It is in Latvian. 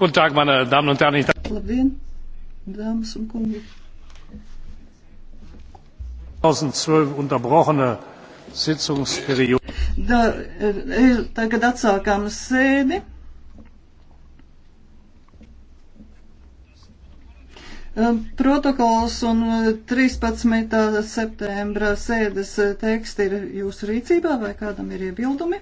Guten Tag, meine Damen un Herren. Labdien, dāmas un kungi. 2012 unterbrochene Sitzungsperiode. Da, ir, eh, eh, tagad atsākām sēdi. Eh, protokols un 13. septembra sēdes teksti ir jūsu rīcībā vai kādam ir iebildumi?